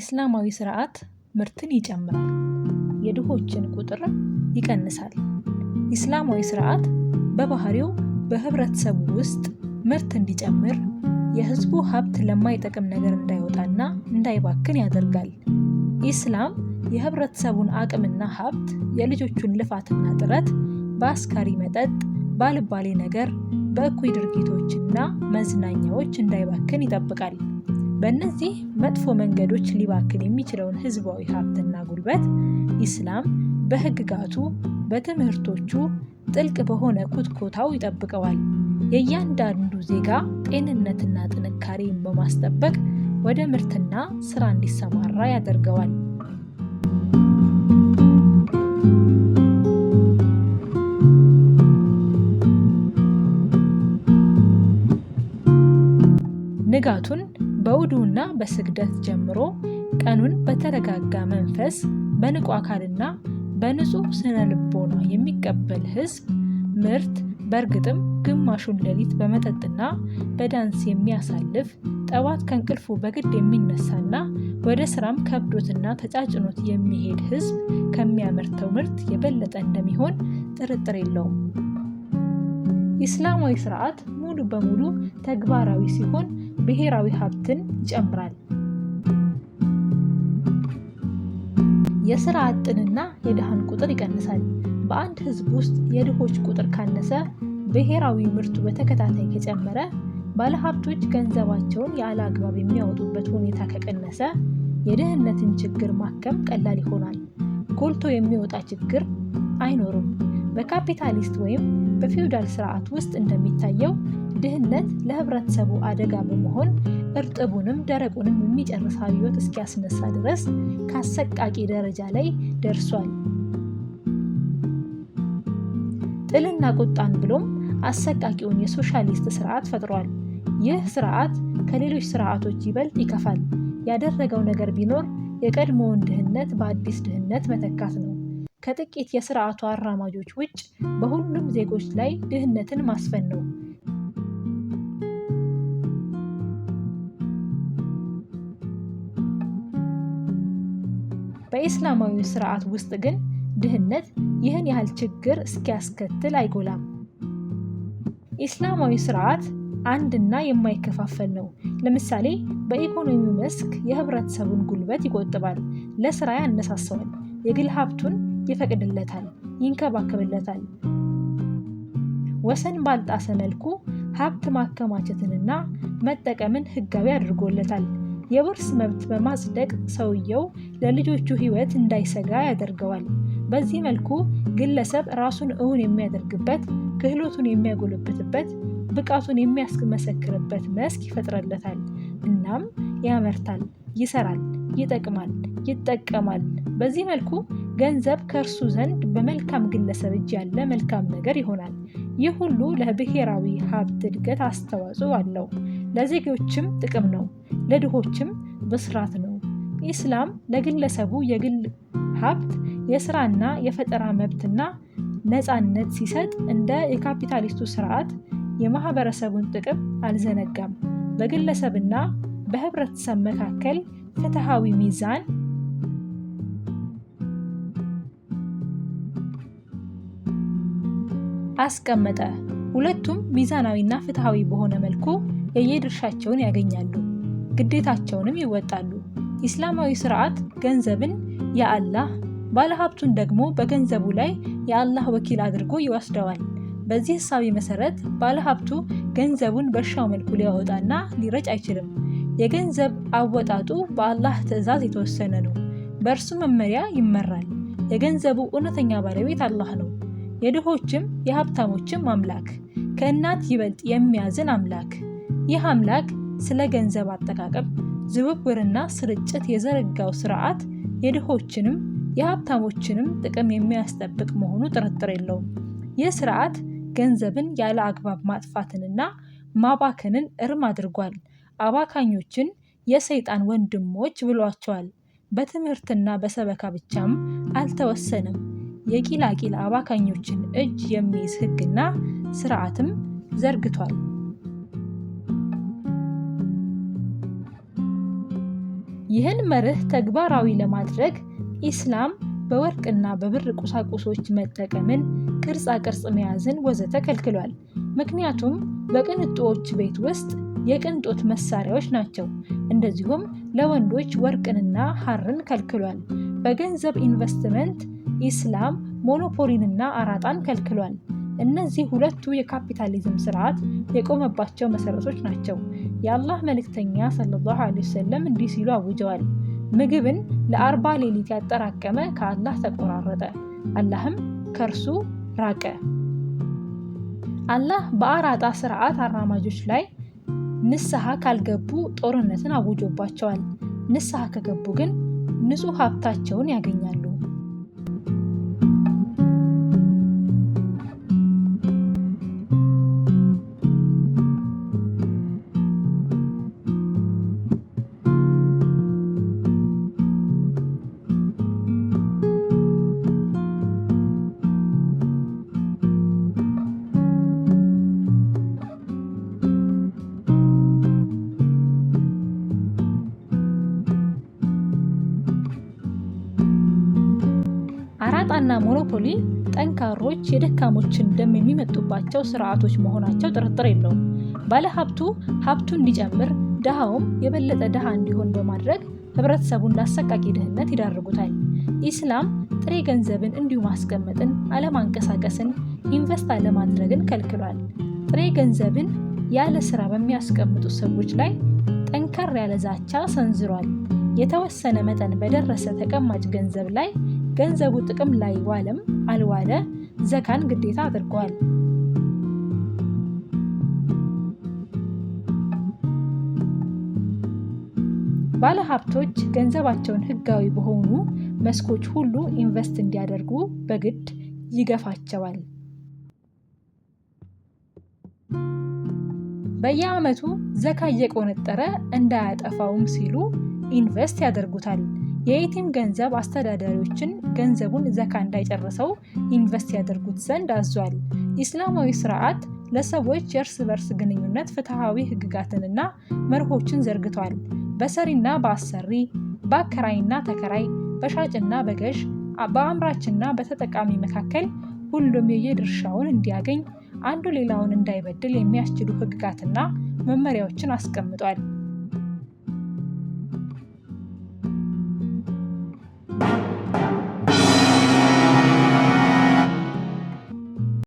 ኢስላማዊ ስርዓት ምርትን ይጨምራል፣ የድሆችን ቁጥር ይቀንሳል። ኢስላማዊ ስርዓት በባህሪው በህብረተሰቡ ውስጥ ምርት እንዲጨምር የህዝቡ ሀብት ለማይጠቅም ነገር እንዳይወጣና እንዳይባክን ያደርጋል። ኢስላም የህብረተሰቡን አቅምና ሀብት፣ የልጆቹን ልፋትና ጥረት በአስካሪ መጠጥ፣ ባልባሌ ነገር፣ በእኩይ ድርጊቶችና መዝናኛዎች እንዳይባክን ይጠብቃል። በእነዚህ መጥፎ መንገዶች ሊባክን የሚችለውን ህዝባዊ ሀብትና ጉልበት ኢስላም በህግጋቱ፣ በትምህርቶቹ ጥልቅ በሆነ ኩትኮታው ይጠብቀዋል። የእያንዳንዱ ዜጋ ጤንነትና ጥንካሬን በማስጠበቅ ወደ ምርትና ስራ እንዲሰማራ ያደርገዋል። ንጋቱን በውዱእና በስግደት ጀምሮ ቀኑን በተረጋጋ መንፈስ በንቁ አካልና በንጹህ ስነ ልቦና የሚቀበል ህዝብ ምርት በእርግጥም ግማሹን ሌሊት በመጠጥና በዳንስ የሚያሳልፍ ጠዋት ከእንቅልፉ በግድ የሚነሳና ወደ ስራም ከብዶትና ተጫጭኖት የሚሄድ ህዝብ ከሚያመርተው ምርት የበለጠ እንደሚሆን ጥርጥር የለውም። ኢስላማዊ ስርዓት ሙሉ በሙሉ ተግባራዊ ሲሆን ብሔራዊ ሀብትን ይጨምራል። የስራ አጥንና የድሃን ቁጥር ይቀንሳል። በአንድ ህዝብ ውስጥ የድሆች ቁጥር ካነሰ፣ ብሔራዊ ምርቱ በተከታታይ ከጨመረ፣ ባለሀብቶች ገንዘባቸውን ያለ አግባብ የሚያወጡበት ሁኔታ ከቀነሰ፣ የድህነትን ችግር ማከም ቀላል ይሆናል። ጎልቶ የሚወጣ ችግር አይኖርም። በካፒታሊስት ወይም በፊውዳል ስርዓት ውስጥ እንደሚታየው ድህነት ለህብረተሰቡ አደጋ በመሆን እርጥቡንም ደረቁንም የሚጨርስ አብዮት እስኪያስነሳ ድረስ ከአሰቃቂ ደረጃ ላይ ደርሷል። ጥልና ቁጣን ብሎም አሰቃቂውን የሶሻሊስት ስርዓት ፈጥሯል። ይህ ስርዓት ከሌሎች ስርዓቶች ይበልጥ ይከፋል። ያደረገው ነገር ቢኖር የቀድሞውን ድህነት በአዲስ ድህነት መተካት ነው። ከጥቂት የስርዓቱ አራማጆች ውጭ በሁሉም ዜጎች ላይ ድህነትን ማስፈን ነው። በኢስላማዊ ስርዓት ውስጥ ግን ድህነት ይህን ያህል ችግር እስኪያስከትል አይጎላም። ኢስላማዊ ስርዓት አንድና የማይከፋፈል ነው። ለምሳሌ በኢኮኖሚው መስክ የህብረተሰቡን ጉልበት ይቆጥባል፣ ለስራ ያነሳሰዋል፣ የግል ሀብቱን ይፈቅድለታል፣ ይንከባከብለታል። ወሰን ባልጣሰ መልኩ ሀብት ማከማቸትንና መጠቀምን ህጋዊ አድርጎለታል። የውርስ መብት በማጽደቅ ሰውየው ለልጆቹ ህይወት እንዳይሰጋ ያደርገዋል። በዚህ መልኩ ግለሰብ ራሱን እውን የሚያደርግበት፣ ክህሎቱን የሚያጎለብትበት፣ ብቃቱን የሚያስመሰክርበት መስክ ይፈጥረለታል። እናም ያመርታል፣ ይሰራል፣ ይጠቅማል፣ ይጠቀማል። በዚህ መልኩ ገንዘብ ከእርሱ ዘንድ በመልካም ግለሰብ እጅ ያለ መልካም ነገር ይሆናል። ይህ ሁሉ ለብሔራዊ ሀብት እድገት አስተዋጽኦ አለው። ለዜጎችም ጥቅም ነው፣ ለድሆችም ብስራት ነው። ኢስላም ለግለሰቡ የግል ሀብት የስራና የፈጠራ መብትና ነፃነት ሲሰጥ እንደ የካፒታሊስቱ ስርዓት የማህበረሰቡን ጥቅም አልዘነጋም። በግለሰብና በህብረተሰብ መካከል ፍትሃዊ ሚዛን አስቀመጠ። ሁለቱም ሚዛናዊና ፍትሐዊ በሆነ መልኩ የየድርሻቸውን ያገኛሉ፣ ግዴታቸውንም ይወጣሉ። ኢስላማዊ ስርዓት ገንዘብን የአላህ ባለሀብቱን ደግሞ በገንዘቡ ላይ የአላህ ወኪል አድርጎ ይወስደዋል። በዚህ ህሳቢ መሰረት ባለሀብቱ ገንዘቡን በእርሻው መልኩ ሊያወጣና ሊረጭ አይችልም። የገንዘብ አወጣጡ በአላህ ትዕዛዝ የተወሰነ ነው፣ በእርሱ መመሪያ ይመራል። የገንዘቡ እውነተኛ ባለቤት አላህ ነው። የድሆችም የሀብታሞችም አምላክ፣ ከእናት ይበልጥ የሚያዝን አምላክ። ይህ አምላክ ስለ ገንዘብ አጠቃቀም ዝውውርና ስርጭት የዘረጋው ስርዓት የድሆችንም የሀብታሞችንም ጥቅም የሚያስጠብቅ መሆኑ ጥርጥር የለውም። ይህ ስርዓት ገንዘብን ያለ አግባብ ማጥፋትንና ማባከንን እርም አድርጓል። አባካኞችን የሰይጣን ወንድሞች ብሏቸዋል። በትምህርትና በሰበካ ብቻም አልተወሰንም። የቂላቂል አባካኞችን እጅ የሚይዝ ህግና ስርዓትም ዘርግቷል። ይህን መርህ ተግባራዊ ለማድረግ ኢስላም በወርቅና በብር ቁሳቁሶች መጠቀምን፣ ቅርጻ ቅርጽ መያዝን ወዘተ ከልክሏል። ምክንያቱም በቅንጦዎች ቤት ውስጥ የቅንጦት መሳሪያዎች ናቸው። እንደዚሁም ለወንዶች ወርቅንና ሐርን ከልክሏል። በገንዘብ ኢንቨስትመንት ኢስላም ሞኖፖሊንና አራጣን ከልክሏል። እነዚህ ሁለቱ የካፒታሊዝም ስርዓት የቆመባቸው መሰረቶች ናቸው። የአላህ መልእክተኛ ሰለላሁ ዐለይሂ ወሰለም እንዲህ ሲሉ አውጀዋል። ምግብን ለአርባ ሌሊት ያጠራቀመ ከአላህ ተቆራረጠ፣ አላህም ከእርሱ ራቀ። አላህ በአራጣ ስርዓት አራማጆች ላይ ንስሐ ካልገቡ ጦርነትን አውጆባቸዋል። ንስሐ ከገቡ ግን ንጹሕ ሀብታቸውን ያገኛሉ። ሙስናና ሞኖፖሊ ጠንካሮች የደካሞችን ደም የሚመጡባቸው ስርዓቶች መሆናቸው ጥርጥር የለውም። ባለሀብቱ ሀብቱ እንዲጨምር፣ ድሃውም የበለጠ ድሃ እንዲሆን በማድረግ ህብረተሰቡን ለአሰቃቂ ድህነት ይዳርጉታል። ኢስላም ጥሬ ገንዘብን እንዲሁ ማስቀመጥን፣ አለማንቀሳቀስን፣ ኢንቨስት አለማድረግን ከልክሏል። ጥሬ ገንዘብን ያለ ስራ በሚያስቀምጡ ሰዎች ላይ ጠንከር ያለ ዛቻ ሰንዝሯል። የተወሰነ መጠን በደረሰ ተቀማጭ ገንዘብ ላይ ገንዘቡ ጥቅም ላይ ዋለም አልዋለ ዘካን ግዴታ አድርጓል። ባለሀብቶች ገንዘባቸውን ህጋዊ በሆኑ መስኮች ሁሉ ኢንቨስት እንዲያደርጉ በግድ ይገፋቸዋል። በየዓመቱ ዘካ እየቆነጠረ እንዳያጠፋውም ሲሉ ኢንቨስት ያደርጉታል። የኢቲም ገንዘብ አስተዳዳሪዎችን ገንዘቡን ዘካ እንዳይጨርሰው ኢንቨስት ያደርጉት ዘንድ አዟል። ኢስላማዊ ስርዓት ለሰዎች የእርስ በርስ ግንኙነት ፍትሐዊ ህግጋትንና መርሆችን ዘርግቷል። በሰሪና በአሰሪ፣ በአከራይና ተከራይ፣ በሻጭና በገዥ፣ በአምራችና በተጠቃሚ መካከል ሁሉም የየድርሻውን እንዲያገኝ አንዱ ሌላውን እንዳይበድል የሚያስችሉ ህግጋትና መመሪያዎችን አስቀምጧል።